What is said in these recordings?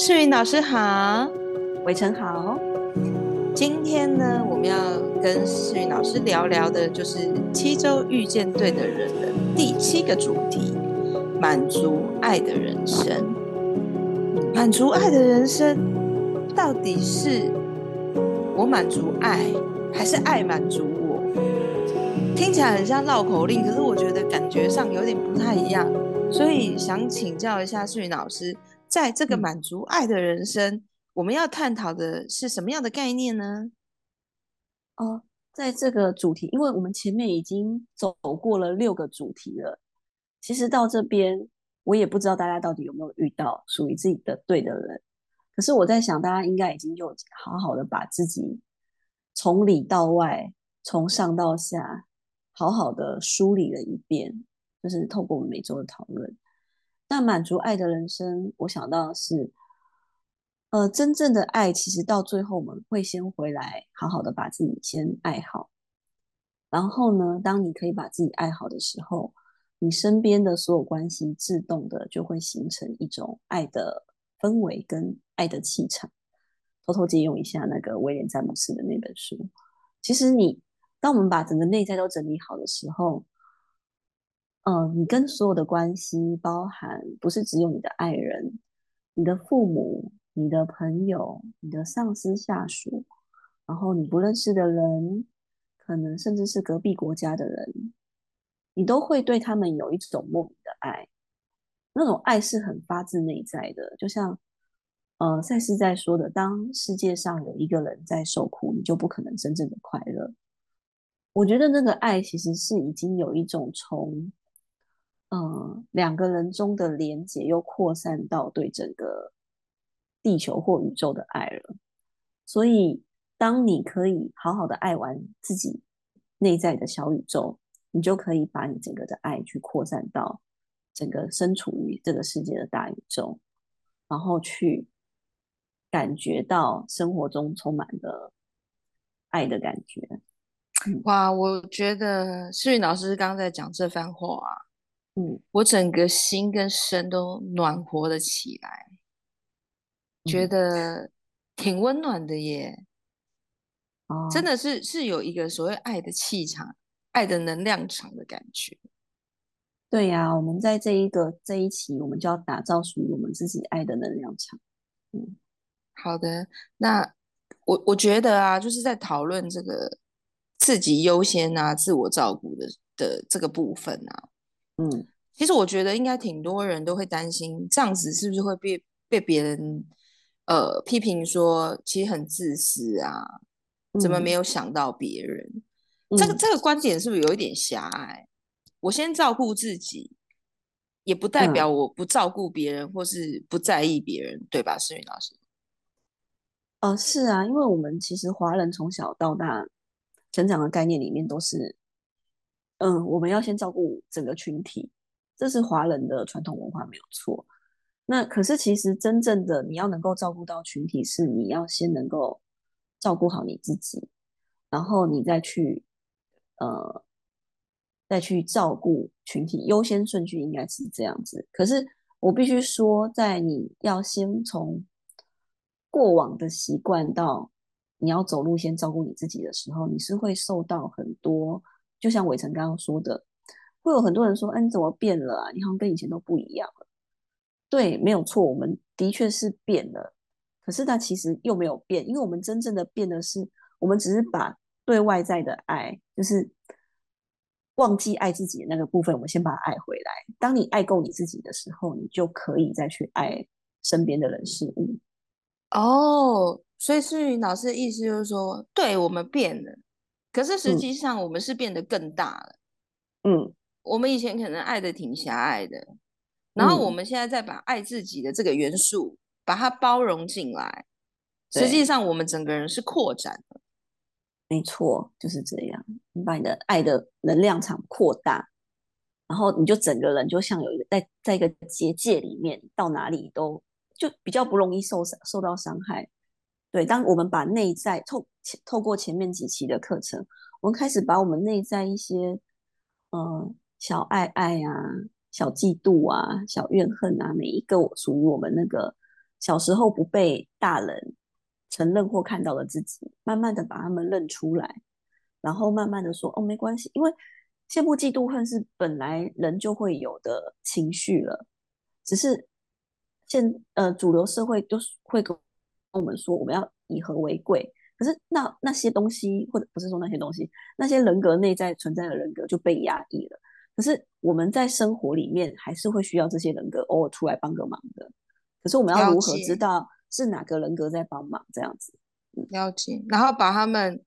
世芸老師好，偉成好，今天呢，我們要跟世芸老師聊聊的，就是《七週遇見對的人》的第七個主題——滿足愛的人生。滿足愛的人生，到底是我滿足愛，還是愛滿足我？聽起來很像繞口令，可是我覺得感覺上有點不太一樣，所以想請教一下世芸老師。在這個滿足愛的人生、嗯，我們要探討的是什麼樣的概念呢？哦，在這個主題，因為我們前面已經走過了六個主題了，其實到這邊我也不知道大家到底有沒有遇到屬於自己的對的人，可是我在想，大家應該已經就好好的把自己從裡到外、從上到下好好的梳理了一遍，就是透過我們每周的討論。那滿足愛的人生，我想到的是，呃，真正的愛其實到最後，我們會先回來，好好的把自己先愛好。然後呢，當你可以把自己愛好的時候，你身邊的所有關係自動的就會形成一種愛的氛圍跟愛的氣場。偷偷借用一下那個威廉詹姆斯的那本書，其實你，當我們把整個內在都整理好的時候。嗯、呃，你跟所有的關係，包含不是只有你的愛人、你的父母、你的朋友、你的上司、下屬，然後你不認識的人，可能甚至是隔壁國家的人，你都會對他們有一種莫名的愛。那種愛是很發自內在的，就像，呃，賽斯在說的，當世界上有一個人在受苦，你就不可能真正的快樂。我覺得那個愛其實是已經有一種從。嗯，兩個人中的連接又擴散到對整個地球或宇宙的愛了。所以，當你可以好好的愛完自己內在的小宇宙，你就可以把你整個的愛去擴散到整個身處於這個世界的大宇宙，然後去感覺到生活中充滿了愛的感覺。哇，我覺得世芸老師剛剛在講這番話。嗯，我整個心跟身都暖和了起來，嗯，覺得挺溫暖的耶。啊，真的是是有一個所謂愛的氣場、愛的能量場的感覺。對呀，啊，我們在這一個這一期，我們就要打造屬於我們自己愛的能量場。嗯，好的。那我我覺得啊，就是在討論這個自己優先啊、自我照顧的的這個部分啊。嗯，其實我覺得應該挺多人都會擔心，這樣子是不是會被、嗯、被別人呃批評說，其實很自私啊、嗯，怎麼沒有想到別人？嗯、這個這個觀點是不是有一點狹隘、嗯？我先照顧自己，也不代表我不照顧別人或是不在意別人，嗯、對吧，世芸老師？啊、呃，是啊，因為我們其實華人從小到大成長的概念裡面都是。嗯，我們要先照顧整個群體，這是華人的傳統文化，沒有錯。那可是，其實真正的你要能夠照顧到群體，是你要先能夠照顧好你自己，然後你再去，呃，再去照顧群體。優先順序應該是這樣子。可是我必須說，在你要先從過往的習慣到你要走路先照顧你自己的時候，你是會受到很多。就像偉成剛剛說的，會有很多人說：“嗯、哎，怎麼變了啊？你好像跟以前都不一樣了。”對，沒有錯，我們的確是變了。可是它其實又沒有變，因為我們真正的變的是，我們只是把對外在的愛，就是忘記愛自己的那個部分，我們先把它愛回來。當你愛夠你自己的時候，你就可以再去愛身邊的人事物。哦、oh，所以世芸老師的意思就是說，對，我們變了。可是實際上，我們是變得更大了。嗯，我們以前可能愛的挺狹隘的、嗯，然後我們現在再把愛自己的這個元素把它包容進來，實際上我們整個人是擴展的。沒錯，就是這樣。你把你的愛的能量場擴大，然後你就整個人就像有一個在在一個結界裡面，到哪裡都就比較不容易受傷、受到傷害。對，當我們把內在透。透過前面幾期的課程，我們開始把我們內在一些、呃，小愛愛啊、小嫉妒啊、小怨恨啊，每一個屬於我們那個小時候不被大人承認或看到的自己，慢慢的把他們認出來，然後慢慢的說：“哦，沒關係，因為羨慕、嫉妒、恨是本來人就會有的情緒了，只是現呃主流社會都會跟我們說，我們要以和為貴。”可是那，那那些東西，或者不是說那些東西，那些人格內在存在的人格就被壓抑了。可是我們在生活裡面還是會需要這些人格偶爾出來幫個忙的。可是我們要如何知道是哪個人格在幫忙？這樣子，嗯、要緊。然後把他們，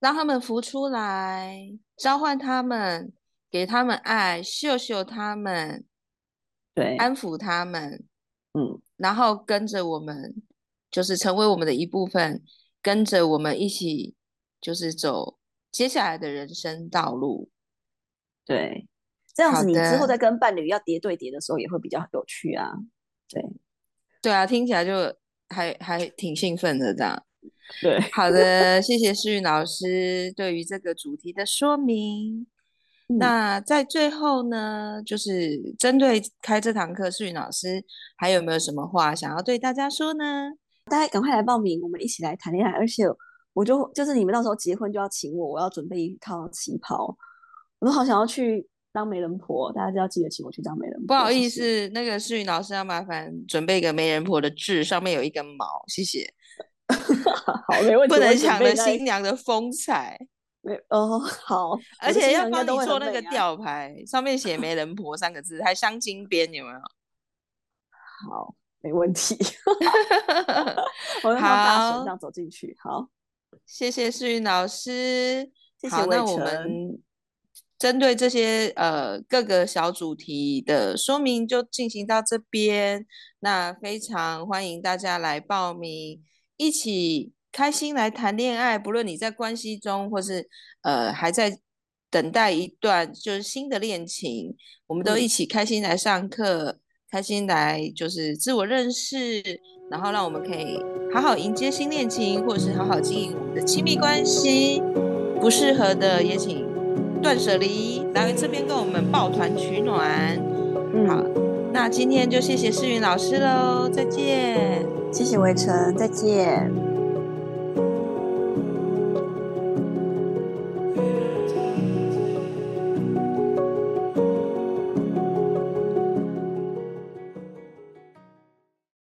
讓他們浮出來，召喚他們，給他們愛，秀秀他們，對，安撫他們，嗯，然後跟着我們，就是成為我們的一部分。跟着我們一起，就是走接下來的人生道路。對，這樣子你之後再跟伴侶要疊對疊的時候，也會比較有趣啊。對，對啊，聽起來就還還挺興奮的這樣。對，好的，謝謝世芸老師對於這個主題的說明。 那在最後呢，就是針對開這堂課，世芸老師還有沒有什麼話想要對大家說呢？大家趕快來報名，我們一起來談戀愛。而且，我就就是你們到時候結婚就要請我，我要準備一套旗袍。我好想要去當媒人婆，大家就要記得請我去當媒人婆。不好意思，就是、那個世芸老師要麻煩準備一個媒人婆的痣，上面有一根毛，謝謝。 好，沒問題。不能搶了新娘的風采。沒哦，好。而且要幫你做、啊、那個吊牌，上面寫“媒人婆”三個字， 還鑲金邊，你有沒有？好。沒問題， 好，大家這樣走進去，好，謝謝世芸老師，謝謝魏成。好，那我們針對這些呃各個小主題的說明就進行到這邊。那非常歡迎大家來報名，一起開心來談戀愛。不論你在關係中，或是呃還在等待一段就是新的戀情，我們都一起開心來上課。嗯開心來就是自我認識，然後讓我們可以好好迎接新戀情，或者是好好經營我們的親密關係。不適合的也請斷捨離，來這邊跟我們抱團取暖。嗯、好，那今天就謝謝世芸老師嘍，再見。謝謝維晨，再見。